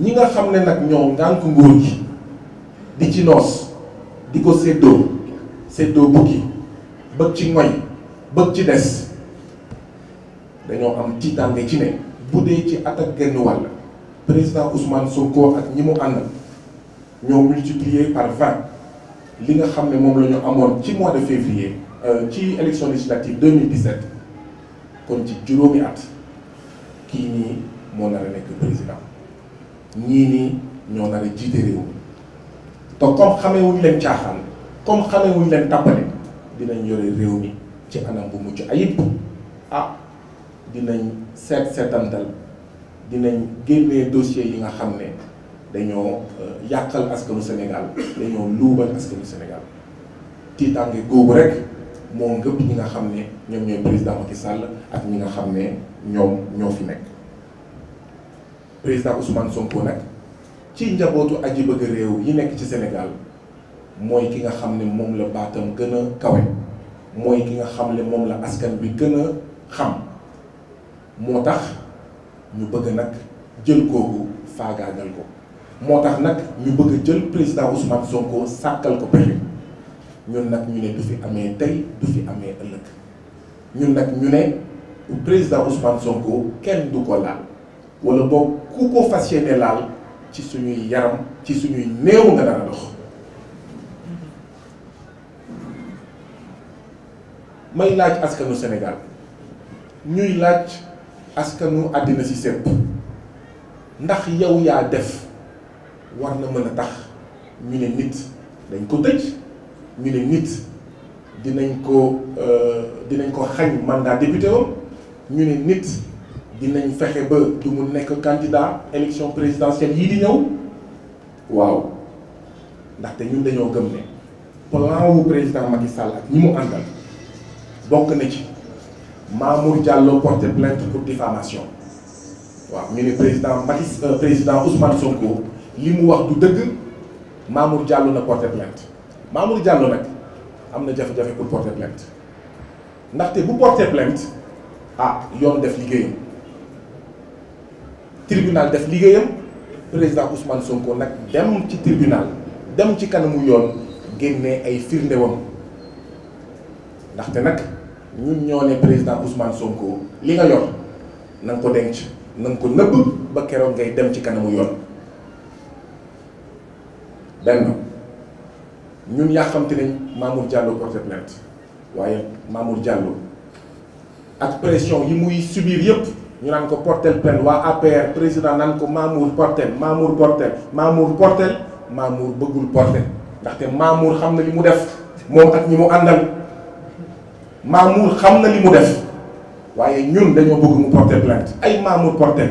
ñi nga xam ne nag ñoom ngànk nguur gi di ci noos di ko séddoo séddoo bukki bëgg ci ngoy bëgg ci des dañoo am ci bu ci at président Ousmane Sonko ak ñi par vingt li nga xam ne moom la ci mois de février euh, ci élection législative 2017 kon ci juróomi at kii nii moo nar a président ñii nii ñoo nar a jiite réew mi te comme xamee wuñ leen caaxaan comme xamee leen tàppale dinañ yore réew mi ci anam bu mujj ayib ah dinañ seet seetantal dinañ génnee dossier yi nga xam ne dañoo euh, yàqal askanu Sénégal dañoo luubal askanu Sénégal tiitaange googu rek moo ngëpp ñi nga xam ne ñoom ñooy président Macky Sall ak ñi nga xam ne ñoom ñoo fi nekk. président Ousmane Sonko nag ci njabootu aji bëgg réew yi nekk ci Sénégal mooy ki nga xam ne moom la baatam gën a kawe mooy ki nga xam ne moom la askan bi gën a xam moo tax ñu bëgg nag jël kooku faagaagal ko moo tax nag ñu bëgg a jël président Ousmane Sonko sàkkal ko pexe ñun nag ñu ne du fi amee tey du fi amee ëllëg ñun nag ñu ne président Ousmane Sonko kenn du ko laal. wala boo ku ko fas yéene laal ci suñuy yaram ci suñuy néew nga dara dox may laaj askanu Sénégal ñuy laaj askanu àddina si sépp ndax yow yaa def war na mën a tax ñu ne nit dañ ko dëj ñu ne nit dinañ ko euh, dinañ ko xañ mandat député ñu ne nit dinañ fexe ba du mu nekk candidat élection présidentielle yii di ñëw waaw ndaxte ñun dañoo gëm ne plan wu président Macky Sall ak ñi mu àndal bokk na ci Mamour Diallo porté plainte pour diffamation waaw ñu ne président Macky euh, président Ousmane Sonko li mu wax du dëgg Mamour Diallo na porté plainte Mamour Diallo nag am na jafe-jafe pour porté plainte ndaxte bu porté plainte ah yoon def liggéeyam. tribunal def liggéeyam président Ousmane Sonko nag dem ci tribunal dem ci kanamu yoon génne ay firnde woon ndaxte nag ñun ñoo ne président Ousmane Sonko li nga yor na ko denc na ko nëbb ba keroog ngay dem ci kanamu yoon benn ñun yaa xamte nañ Mamour Diallo porté plainte waaye Mamour Diallo ak pression yi muy subir yëpp. ñu naan ko portel plainte waa APR président naan ko Mamour portel Mamour portel Mamour portel Mamour bëggul portel ndaxte Mamour xam na li mu def moom ak ñi mu àndal Mamour xam na li mu def waaye ñun dañoo bëgg mu porter plainte ay Mamour portel